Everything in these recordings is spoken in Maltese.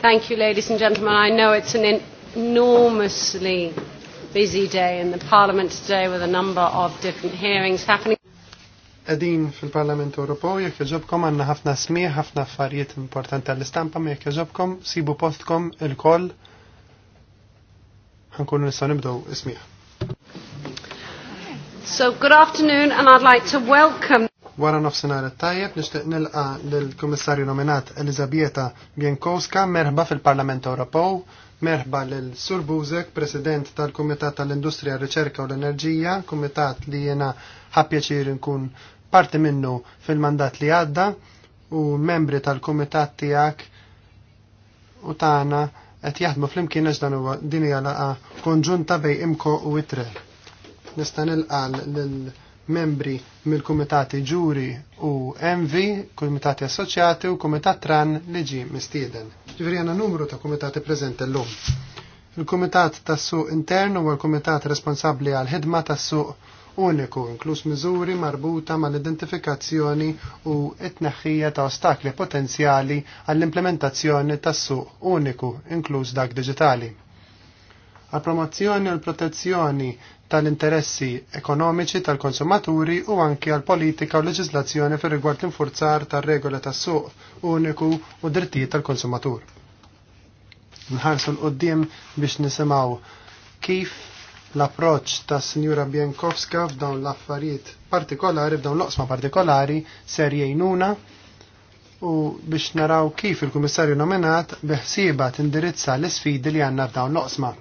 Thank you, ladies and gentlemen. I know it's an enormously busy day in the Parliament today with a number of different hearings happening. Edin fil-Parlament Ewropew jekk jogħġobkom għandna ħafna smieħ, ħafna affarijiet importanti għall-istampa, ma jekk jogħġobkom sibu postkom il-koll ħankunu nistgħu nibdew ismieħ. So good afternoon and I'd like to welcome Wara nofsinhar tajjeb nixtieq nilqa lill-Kummissarju nominat Elizabieta Bienkowska merħba fil-Parlament Ewropew, merħba lil Sur Buzek, President tal-Kumitat tal-Industrija, Riċerka u l-Enerġija, kumitat li jiena ħappjaċir nkun parti minnu fil-mandat li għadda u membri tal-Kumitat tiegħek u tagħna qed jaħdmu flimkien għax dan huwa din hija laqa konġunta bej Imko u Itre. Nista' nilqa' lil membri mill-Kumitati Ġuri u MV, Kumitati Assoċjati u Kumitat Tran li ġi mistieden. Ġifieri għandna numru ta' kumitati preżenti llum. Il-Kumitat tas-Suq Intern huwa l-Kumitat responsabbli għal ħidma tas-suq uniku, inkluż miżuri marbuta mal-identifikazzjoni u t-tneħħija ta' ostakli potenzjali għall-implementazzjoni tas-suq uniku, inkluż dak diġitali għal promozzjoni u l-protezzjoni tal-interessi ekonomiċi tal-konsumaturi u anki għal politika u leġislazzjoni fir rigward l-infurzar tal-regola tas-suq uniku u drittijiet tal-konsumatur. Nħarsu l-qoddim biex nisimaw kif l-approċ ta' Sinjura Bienkowska f'dawn l-affarijiet partikolari, f'dawn l-oqsma partikolari, ser jgħinuna u biex naraw kif il-Kummissarju nominat biħsieba tindirizza l-sfidi li għanna f'dawn l-oqsma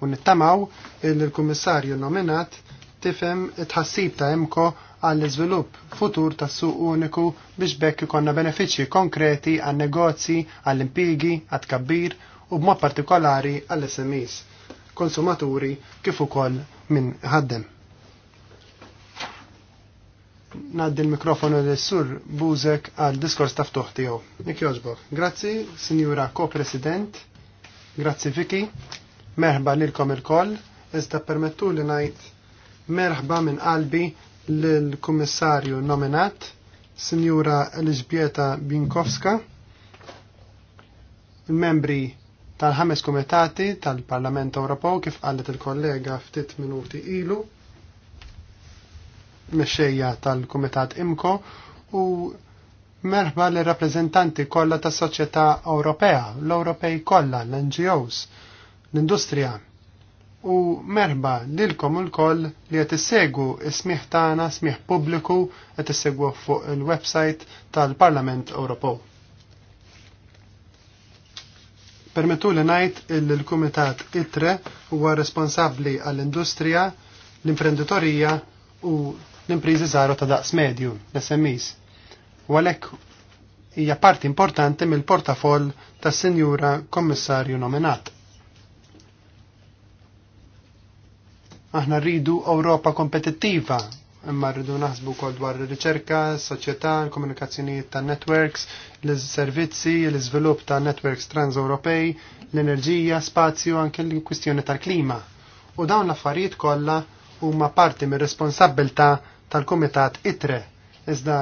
u nittamaw il-Kummissarju nominat tifhem it ta' imko għall iżvilupp futur tas suq uniku biex bekk ikonna benefiċċji konkreti għan negozji għall-impigi, għat kabbir u b'mod partikolari għall sms konsumaturi kif ukoll minn ħaddem naddi l-mikrofonu l-sur Buzek għal diskors taftuħ tiegħu. Nik Grazzi, Sinjura Co-President. Grazzi Viki Merħba lilkom il-koll, iżda permettu li ngħid merħba minn qalbi lill-kummissarju nominat, Sinjura Elisbieta Binkowska, il-membri tal-ħames komitati tal-Parlament Ewropew kif qalet il-kollega ftit minuti ilu, mexxejja tal-Kumitat Imko u merħba l rappreżentanti kollha tas-soċjetà Ewropea, l-Ewropej kollha, l-NGOs, l-industrija. U merba lilkom l koll li qed issegu smieħ tagħna, smieħ pubbliku qed issegwu fuq il-website tal-Parlament Ewropew. Permetu li ngħid il-Kumitat ITRE huwa responsabbli għall-industrija, l-imprenditorija u l-impriżi żgħar ta' daqs medju, l-SMEs. U għalhekk hija parti importanti mill-portafoll tas-Sinjura Kommissarju nominat. Aħna rridu Ewropa kompetittiva, imma rridu naħsbu kol dwar riċerka, soċjetà, komunikazzjonijiet ta' networks, l-servizzi, l-iżvilupp ta' networks trans-Ewropej, l-enerġija, spazju, anke l-kwistjoni tal-klima. U dawn l-affarijiet kollha huma parti mir-responsabbilta tal-Kumitat ITRE, iżda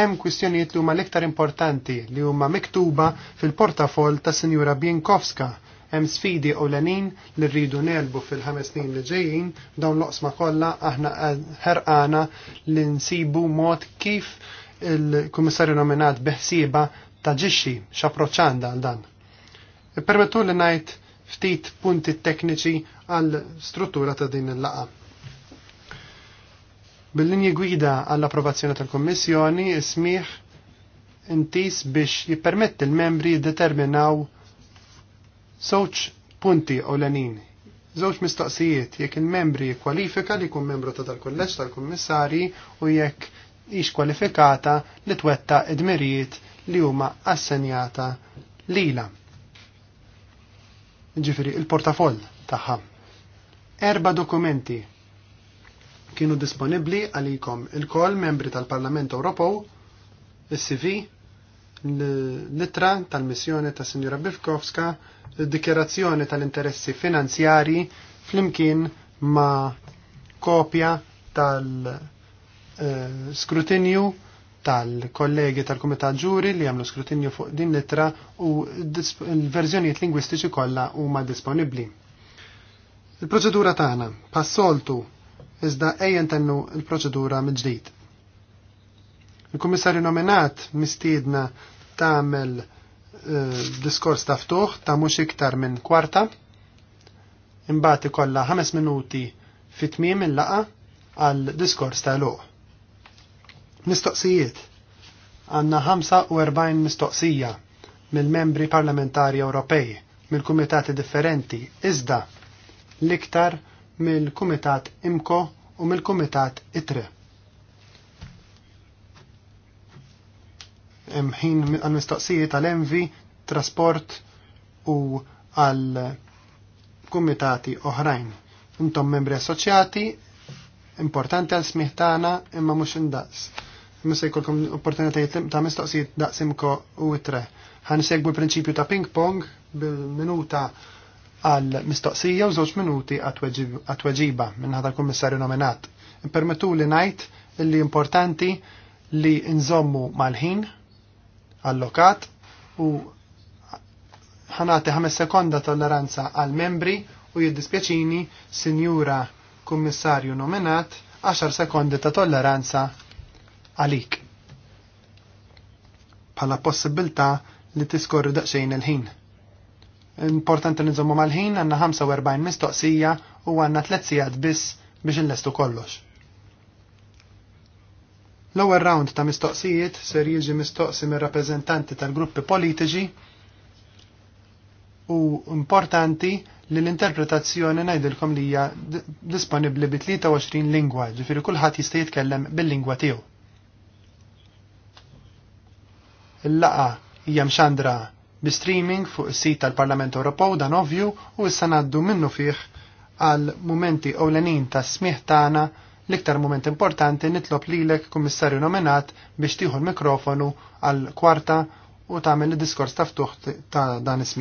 hemm kwistjonijiet li huma l-iktar importanti li huma miktuba fil-portafol ta' Sinjura Bienkowska Hemm sfidi lenin li rridu nelbu fil-ħames snin li ġejjin dawn l-oqsma kollha aħna ħerqana li nsibu mod kif il-kummissarju nominat beħsieba ġixxi x'approċċanda għal dan. Ippermettu li ngħid ftit punti tekniċi għal struttura ta' din il-laqa. Bil-linji gwida għall-approvazzjoni tal-Kommissjoni ismiħ intis biex jippermetti l-membri jiddeterminaw Żewġ punti ewlenin. Żewġ mistoqsijiet jekk il-membri kwalifika li jkun membru ta' tal-kulleġġ tal-kummissarji u jekk ix kwalifikata li twetta id li huma assenjata lila. Ġifiri, il-portafoll tagħha. Erba dokumenti kienu disponibli għalikom il-koll membri tal-Parlament Ewropew, is-CV, l-litra tal-missjoni ta' Sinjura Bifkowska, dikjerazzjoni tal-interessi finanzjari flimkien ma' kopja tal-skrutinju eh, tal-kollegi tal-Kumitat Ġuri li għamlu skrutinju fuq din litra u l-verżjonijiet lingwistiċi kollha huma disponibbli. Il-proċedura tagħna passoltu iżda ejjen tennu l proċedura mill-ġdid. Il-Kummissarju nominat mistiedna tagħmel eh, diskors ta' ftuħ ta' mhux iktar minn kwarta. Imbagħad ikollha ħames minuti fit-tmiem il-laqa għal diskors ta' luq. Mistoqsijiet. Għanna 45 mistoqsija mill-membri parlamentari Ewropej, mill-kumitati differenti, iżda l-iktar mill-kumitat IMCO u mill-kumitat ITRE. hemm ħin għall-mistoqsijiet tal-envi, trasport u għal kumitati oħrajn. Intom membri assoċjati, importanti għal smih tagħna imma mhux indaqs. Imma se jkollkom opportunitajiet ta' mistoqsijiet daqsimko u tre. Ħanisegwu l-prinċipju ta' ping pong bil-minuta għal mistoqsija u żewġ minuti għat-tweġiba minn l-kummissarju nominat. Impermettu li ngħid li importanti li nżommu mal-ħin allokat u ħanati 5 sekonda tolleranza għal membri u jiddispjaċini sinjura kummissarju nominat 10 sekondi ta' tolleranza għalik. Pala possibilta li tiskorri daqxejn il-ħin. Importanti nizommu mal-ħin għanna 45 mistoqsija u għanna 3 sijad biss biex l-lestu kollox. L-ewwel round ta' mistoqsijiet ser jiġi mistoqsi mir-rappreżentanti tal-gruppi politiċi u importanti li l-interpretazzjoni ngħidilkom li hija disponibbli bi 23 lingwa, ġifieri kulħadd jista' jitkellem bil-lingwa tiegħu. Il-laqa hija mxandra bi streaming fuq is-sit tal-Parlament Ewropew dan ovvju u issa ngħaddu minnu fih għal mumenti ewlenin tas smieħ tagħna L-iktar moment importanti nitlob lilek kummissarju nominat biex tieħu l-mikrofonu għal kwarta u tagħmel id-diskors taftuħ ta' dan ismi.